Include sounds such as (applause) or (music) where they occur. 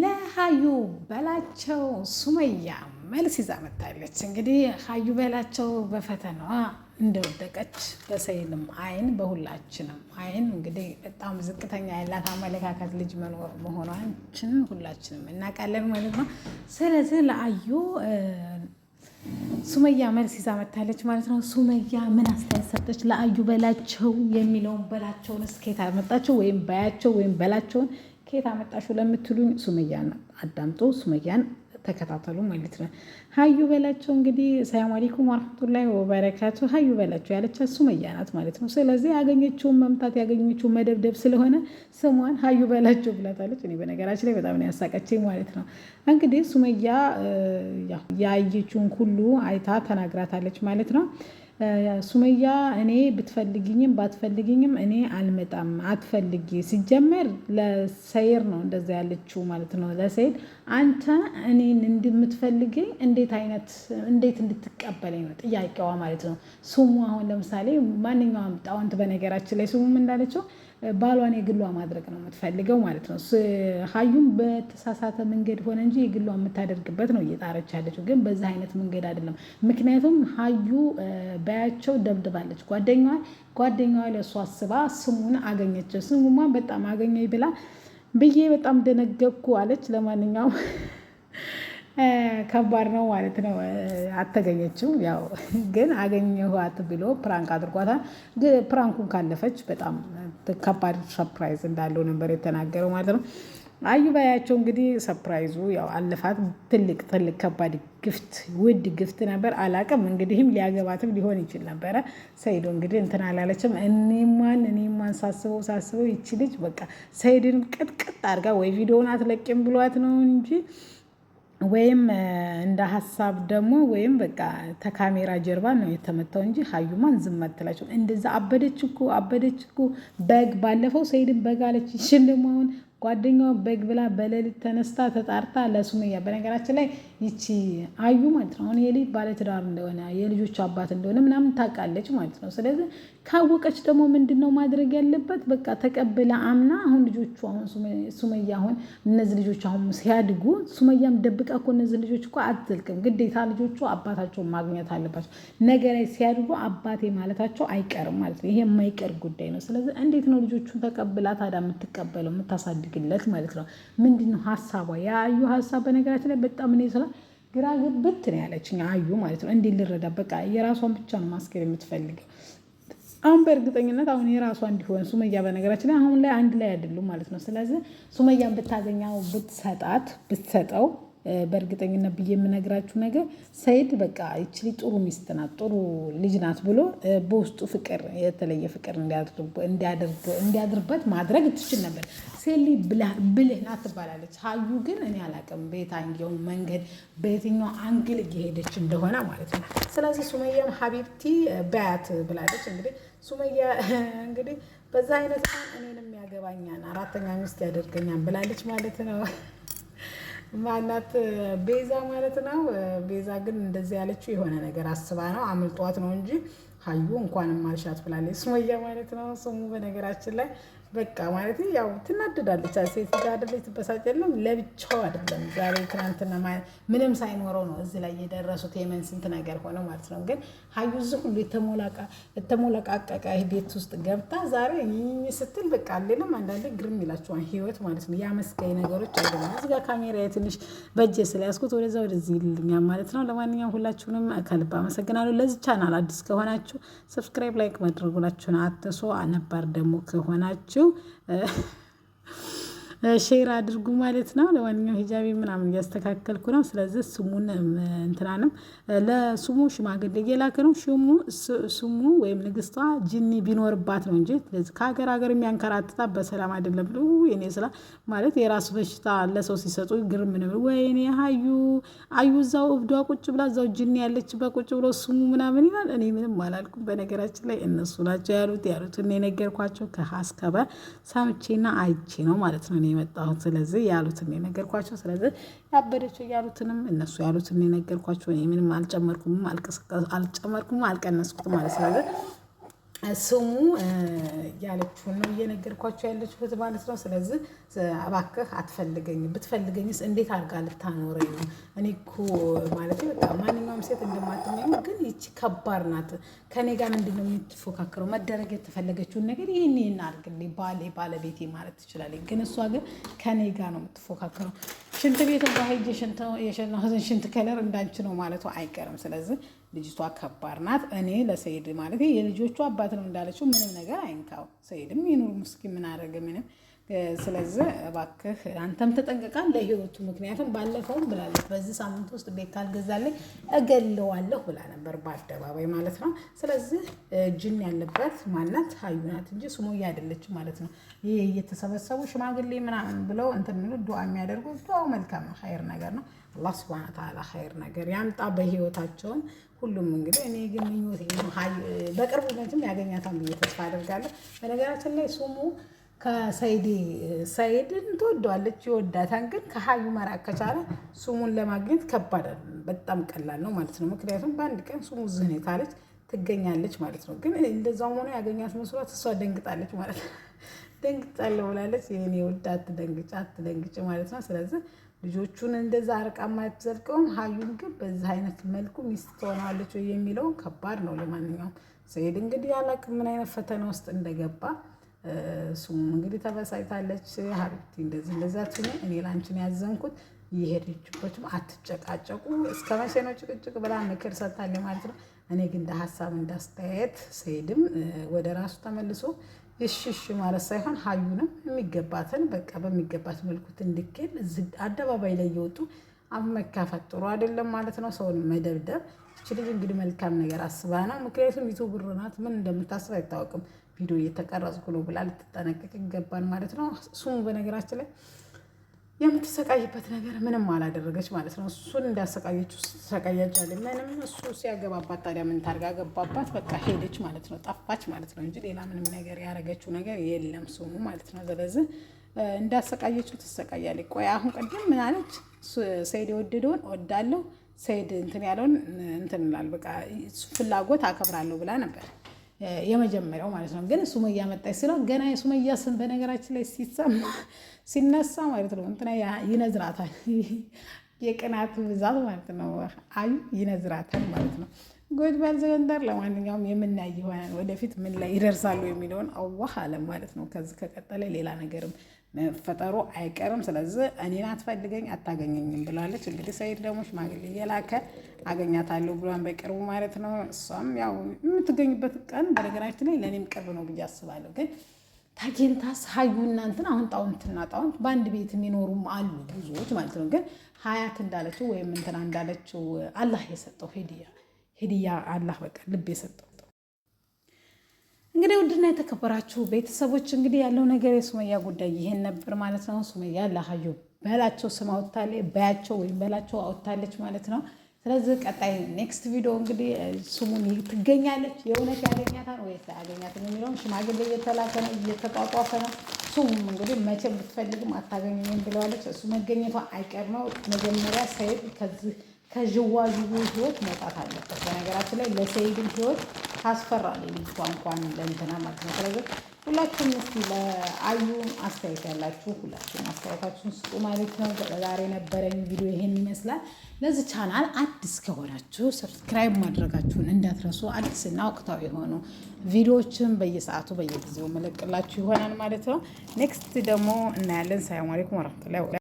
ለሀዩ በላቸው ሱመያ መልስ ይዛ መታለች። እንግዲህ ሀዩ በላቸው በፈተናዋ እንደወደቀች በሰይንም አይን በሁላችንም አይን እንግዲህ በጣም ዝቅተኛ ያላት አመለካከት ልጅ መኖር መሆኗችን ሁላችንም እናውቃለን ማለት ነው። ስለዚህ ለአዩ ሱመያ መልስ ይዛ መታለች ማለት ነው። ሱመያ ምን አስተያየት ሰጠች ለአዩ በላቸው የሚለውን በላቸውን እስኬት አመጣቸው ወይም በያቸው ወይም በላቸውን ከየት አመጣሽው ለምትሉኝ ሱመያን አዳምጦ ሱመያን ተከታተሉ ማለት ነው። ሀዩ በላቸው እንግዲህ ሰላም አለይኩም ወረሕመቱላሂ ወበረካቱ ሀዩ በላቸው ያለቻ ሱመያ ናት ማለት ነው። ስለዚህ ያገኘችውን መምታት ያገኘችውን መደብደብ ስለሆነ ስሟን ሀዩ በላቸው ብላታለች። እኔ በነገራችን ላይ በጣም ነው ያሳቀችኝ ማለት ነው። እንግዲህ ሱመያ ያየችውን ሁሉ አይታ ተናግራታለች ማለት ነው። ሱመያ እኔ ብትፈልግኝም ባትፈልግኝም እኔ አልመጣም፣ አትፈልጊ። ሲጀመር ለሰይር ነው እንደዛ ያለችው ማለት ነው። ለሰይድ አንተ እኔን እንደምትፈልገኝ እንዴት አይነት እንዴት እንድትቀበለኝ ነው ጥያቄዋ ማለት ነው። ሱሙ አሁን ለምሳሌ ማንኛውም ጣውንት በነገራችን ላይ ሱሙም እንዳለችው ባሏን የግሏ ማድረግ ነው የምትፈልገው ማለት ነው። ሀዩም በተሳሳተ መንገድ ሆነ እንጂ የግሏ የምታደርግበት ነው እየጣረች ያለችው፣ ግን በዚህ አይነት መንገድ አይደለም። ምክንያቱም ሀዩ በያቸው ደብድባለች። ጓደኛዋ ጓደኛዋ ለእሷ አስባ ስሙን አገኘችው። ስሙማ በጣም አገኘኝ ብላ ብዬ በጣም ደነገኩ አለች። ለማንኛውም (laughs) ከባድ ነው ማለት ነው። አተገኘችው ያው ግን አገኘኋት ብሎ ፕራንክ አድርጓታል። ፕራንኩን ካለፈች በጣም ከባድ ሰርፕራይዝ እንዳለው ነበር የተናገረው ማለት ነው። አዩ ባያቸው እንግዲህ ሰርፕራይዙ ያው አለፋት። ትልቅ ትልቅ ከባድ ግፍት ውድ ግፍት ነበር። አላቅም እንግዲህም ሊያገባትም ሊሆን ይችል ነበረ። ሰይዶ እንግዲህ እንትን አላለችም። እኔማን እኔማን ሳስበው ሳስበው ይች ልጅ በቃ ሰይድን ቅጥቅጥ አድርጋ ወይ ቪዲዮን አትለቅም ብሏት ነው እንጂ ወይም እንደ ሀሳብ ደግሞ ወይም በቃ ተካሜራ ጀርባ ነው የተመታው እንጂ ሀዩማን ዝም አትላቸው። እንደዛ አበደች እኮ አበደች እኮ በግ ባለፈው ሰይድን በግ አለች። ይችን ደግሞ አሁን ጓደኛዋ በግ ብላ በሌሊት ተነስታ ተጣርታ ለሱመያ በነገራችን ላይ ይቺ አዩ ማለት ነው አሁን የልጅ ባለትዳር እንደሆነ የልጆች አባት እንደሆነ ምናምን ታውቃለች ማለት ነው። ስለዚህ ካወቀች ደግሞ ምንድን ነው ማድረግ ያለበት? በቃ ተቀብላ አምና አሁን ልጆቹ አሁን ሱመያ አሁን እነዚህ ልጆች አሁን ሲያድጉ ሱመያም ደብቃ እኮ እነዚህ ልጆች እኮ አትልቅም። ግዴታ ልጆቹ አባታቸው ማግኘት አለባቸው። ነገር ሲያድጉ አባቴ ማለታቸው አይቀርም ማለት ነው። ይሄ የማይቀር ጉዳይ ነው። ስለዚህ እንዴት ነው ልጆቹን ተቀብላ ታዲያ የምትቀበለው የምታሳድግለት ማለት ነው? ምንድን ነው ሀሳቧ? ያዩ ሀሳብ በነገራችን ላይ በጣም እኔ ስላ ግራ ግብት ነው ያለችኝ አዩ ማለት ነው። እንዴት ልረዳ? በቃ የራሷን ብቻ ነው ማስገር የምትፈልገው አሁን በእርግጠኝነት አሁን የራሷ እንዲሆን ሱመያ በነገራችን ላይ አሁን ላይ አንድ ላይ አይደሉም ማለት ነው። ስለዚህ ሱመያን ብታገኛው ብትሰጣት ብትሰጠው በእርግጠኝነት ብዬ የምነግራችሁ ነገር ሰይድ በቃ ይችሊ ጥሩ ሚስት ናት፣ ጥሩ ልጅ ናት ብሎ በውስጡ ፍቅር የተለየ ፍቅር እንዲያድርበት ማድረግ ትችል ነበር። ሴሊ ብልህ ናት ትባላለች። ሀዩ ግን እኔ አላውቅም በየትኛው መንገድ በየትኛው አንግል እየሄደች እንደሆነ ማለት ነው። ስለዚህ ሱመያም ሀቢብቲ በያት ብላለች። እንግዲህ ሱመያ (laughs) እንግዲህ በዛ አይነት እኔንም ያገባኛል አራተኛ ሚስት ያደርገኛል ብላለች ማለት ነው። ማናት ቤዛ ማለት ነው። ቤዛ ግን እንደዚህ ያለችው የሆነ ነገር አስባ ነው አምልጧት ነው እንጂ ሀዩ እንኳንም አልሻት ብላለች። ሱመያ ማለት ነው ስሙ በነገራችን ላይ በቃ ማለት ያው ትናደዳለች። ሴት ልጅ አይደለች፣ ትበሳጭ የለም ለብቻው አይደለም። ዛሬ ትናንትና ምንም ሳይኖረው ነው እዚህ ላይ የደረሱት። የመን ስንት ነገር ሆነ ማለት ነው። ግን ሀዩ እዚህ ሁሉ የተሞላቃቀቀ ቤት ውስጥ ገብታ ዛሬ ይህ ስትል በቃ አለንም አንዳንዴ ግርም ይላቸዋል ህይወት ማለት ነው። ያመስጋኝ ነገሮች አይደለም። እዚህ ጋር ካሜራ የትንሽ በእጄ ስለያዝኩት ወደዛ ወደዚህ ይልኛል ማለት ነው። ለማንኛውም ሁላችሁንም ከልብ አመሰግናለሁ። ለዚህ ቻናል አዲስ ከሆናችሁ ሰብስክራይብ፣ ላይክ ማድረጉላችሁን አትርሱ። ነባር ደግሞ ከሆናችሁ ያላችሁ ሼር አድርጉ ማለት ነው። ለማንኛውም ሂጃቢ ምናምን እያስተካከልኩ ነው። ስለዚህ ስሙን እንትናንም ለስሙ ሽማግሌ እየላክ ነው። ስሙ ወይም ንግስቷ ጅኒ ቢኖርባት ነው እንጂ ስለዚህ ከሀገር ሀገር የሚያንከራትታ በሰላም አይደለም። ብሎ የኔ ስላ ማለት የራሱ በሽታ ለሰው ሲሰጡ ግርም ነው። ወይኔ ሀዩ አዩ እዛው እብዷ ቁጭ ብላ እዛው ጅኒ ያለችበት ቁጭ ብሎ ስሙ ምናምን ይላል። እኔ ምንም አላልኩም። በነገራችን ላይ እነሱ ናቸው ያሉት ያሉት እኔ የነገርኳቸው ከሀስከበ ሰምቼና አይቼ ነው ማለት ነው። የመጣሁት። ስለዚህ ያሉትን የነገርኳቸው። ስለዚህ ያበደችው ያሉትንም እነሱ ያሉትን የነገርኳቸው። ምንም አልጨመርኩም፣ አልቀነስኩም ማለት ስለዚህ ስሙ ያለችውን ነው እየነገርኳቸው ያለችሁት ማለት ነው። ስለዚህ እባክህ አትፈልገኝ፣ ብትፈልገኝስ እንዴት አድርጋ ልታኖረኝ ነው? እኔ እኮ ማለት በቃ ማንኛውም ሴት እንደማትመኝ ግን ይቺ ከባድ ናት። ከኔ ጋር ምንድን ነው የምትፎካከረው? መደረግ የተፈለገችውን ነገር ይህን ይህን አድርግልኝ ባሌ ባለቤቴ ማለት ትችላለች። ግን እሷ ግን ከኔ ጋር ነው የምትፎካከረው። ሽንት ቤት ሄጄ ሽንት ከለር እንዳንች ነው ማለቱ አይቀርም። ስለዚህ ልጅቷ ከባድ ናት። እኔ ለሰይድ ማለት የልጆቹ አባት ነው እንዳለችው ምንም ነገር አይንካው። ሰይድም ይኑር ምስኪ ምን አደረገ ምንም። ስለዚህ እባክህ አንተም ተጠንቀቃል ለህይወቱ። ምክንያቱም ባለፈውም ብላለች በዚህ ሳምንት ውስጥ ቤት ካልገዛለኝ እገለዋለሁ ብላ ነበር፣ በአደባባይ ማለት ነው። ስለዚህ ጅን ያለበት ማናት ሀዩ ናት እንጂ ሱሙያ አይደለች ማለት ነው። ይህ እየተሰበሰቡ ሽማግሌ ምናምን ብለው እንትን የሚሉ ዱዓ የሚያደርጉ ዱዓው መልካም ኸይር ነገር ነው። አላህ ስብሃነ ተዓላ ኸይር ነገር ያምጣ በህይወታቸውም ሁሉም እንግዲህ እኔ ግን ምኞቴ ነው። በቅርቡ መቼም ያገኛታን ብዬ ተስፋ አደርጋለሁ። በነገራችን ላይ ሱሙ ከሰይድ ሰይድን ትወደዋለች፣ ይወዳታን። ግን ከሀዩ መራቅ ከቻለ ሱሙን ለማግኘት ከባድ በጣም ቀላል ነው ማለት ነው። ምክንያቱም በአንድ ቀን ሱሙ ዝህን የታለች ትገኛለች ማለት ነው። ግን እንደዛውም ሆኖ ያገኛት መስሏት እሷ ደንግጣለች ማለት ነው። ደንግጫለሁ ብላለች። ይህን የወድ አትደንግጭ አትደንግጭ ማለት ነው። ስለዚህ ልጆቹን እንደዛ አርቃ የማትዘልቀውም ሀዩን ግን በዚህ አይነት መልኩ ሚስት ትሆናለች ወይ የሚለውን ከባድ ነው። ለማንኛውም ሰኢድ እንግዲህ አላቅም ምን አይነት ፈተና ውስጥ እንደገባ እሱም እንግዲህ ተበሳጭታለች። ሀብቲ እንደዚህ እንደዛ ትሆ እኔ ላንችን ያዘንኩት የሄደችበትም አትጨቃጨቁ እስከ መቼ ነው ጭቅጭቅ ብላ ምክር ሰጥታለች ማለት ነው። እኔ ግን እንደ ሀሳብ እንዳስተያየት ሰኢድም ወደ ራሱ ተመልሶ እሽሽ ማለት ሳይሆን ሀዩንም የሚገባትን በቃ በሚገባት መልኩ እንድኬል አደባባይ ላይ እየወጡ አፍ መካፈት ጥሩ አይደለም ማለት ነው። ሰውን መደብደብ እች ልጅ እንግዲህ መልካም ነገር አስባ ነው። ምክንያቱም ይዞ ብር ናት፣ ምን እንደምታስብ አይታወቅም። ቪዲዮ እየተቀረጽኩ ነው ብላ ልትጠነቀቅ ይገባል ማለት ነው። ሱሙ በነገራችን ላይ የምትሰቃይበት ነገር ምንም አላደረገች ማለት ነው። እሱን እንዳሰቃየችው ሰቃያጫል። ምንም እሱ ሲያገባባት ታዲያ ምን ታርጋ ገባባት? በቃ ሄደች ማለት ነው፣ ጠፋች ማለት ነው እንጂ ሌላ ምንም ነገር ያደረገችው ነገር የለም ስሙ ማለት ነው። ስለዚህ እንዳሰቃየችው ትሰቃያለች። ቆይ አሁን ቀደም ምን አለች? ሰይድ የወደደውን ወዳለው ሰይድ እንትን ያለውን እንትን ላል በቃ ፍላጎት አከብራለሁ ብላ ነበር የመጀመሪያው ማለት ነው። ግን ሱመያ መጣች ስለው ገና የሱመያ ስም በነገራችን ላይ ሲሰማ ሲነሳ ማለት ነው እንትና ይነዝራታል። የቅናቱ ብዛት ማለት ነው። አዩ ይነዝራታል ማለት ነው። ጎጅ ባልዘገንዳር ለማንኛውም የምናይ ይሆናል። ወደፊት ምን ላይ ይደርሳሉ የሚለውን አዋህ አለም ማለት ነው። ከዚህ ከቀጠለ ሌላ ነገርም መፈጠሩ አይቀርም። ስለዚህ እኔን አትፈልገኝ አታገኘኝም ብላለች። እንግዲህ ሰይድ ደግሞ ሽማግሌ እየላከ አገኛታለሁ ብሏን በቅርቡ ማለት ነው። እሷም ያው የምትገኝበት ቀን በነገራችን ላይ ለእኔም ቅርብ ነው ብዬ አስባለሁ ግን ታጌንታ ሳዩ እናንትን አሁን ጣውንትና ጣውንት በአንድ ቤት የሚኖሩም አሉ ብዙዎች ማለት ነው። ግን ሀያት እንዳለችው ወይም እንትና እንዳለችው አላህ የሰጠው ሄድያ ሄድያ አላህ በቃ ልብ የሰጠው እንግዲህ ውድና የተከበራችሁ ቤተሰቦች እንግዲህ ያለው ነገር የሱመያ ጉዳይ ይሄን ነበር ማለት ነው። ሱመያ ላሀዩ በላቸው ስም አውጥታለች፣ በያቸው ወይም በላቸው አውጥታለች ማለት ነው። ስለዚህ ቀጣይ ኔክስት ቪዲዮ እንግዲህ ስሙን ትገኛለች የእውነት ያገኛታን ወይስ አያገኛትም የሚለውን ሽማግሌ እየተላከ ነው፣ እየተጧጧፈ ነው። ስሙም እንግዲህ መቼም ብትፈልግም አታገኘኝም ብለዋለች። እሱ መገኘቷ አይቀር ነው። መጀመሪያ ሰይድ ከዚህ ከዥዋዥዌ ህይወት መውጣት አለበት። በነገራችን ላይ ለሰይድም ህይወት ታስፈራል ልጅቷ እንኳን ለእንትና ማለት ነው። ስለዚህ ሁላችሁም እስኪ ለአዩ አስተያየት ያላችሁ ሁላችሁም አስተያየታችሁን ስጡ ማለት ነው። ዛሬ የነበረኝ ቪዲዮ ይሄን ይመስላል። ለዚህ ቻናል አዲስ ከሆናችሁ ሰብስክራይብ ማድረጋችሁን እንዳትረሱ። አዲስና ወቅታዊ የሆኑ ቪዲዮዎችን በየሰዓቱ በየጊዜው መለቅላችሁ ይሆናል ማለት ነው። ኔክስት ደግሞ እናያለን። ሰላም አለይኩም ወረህመቱላሂ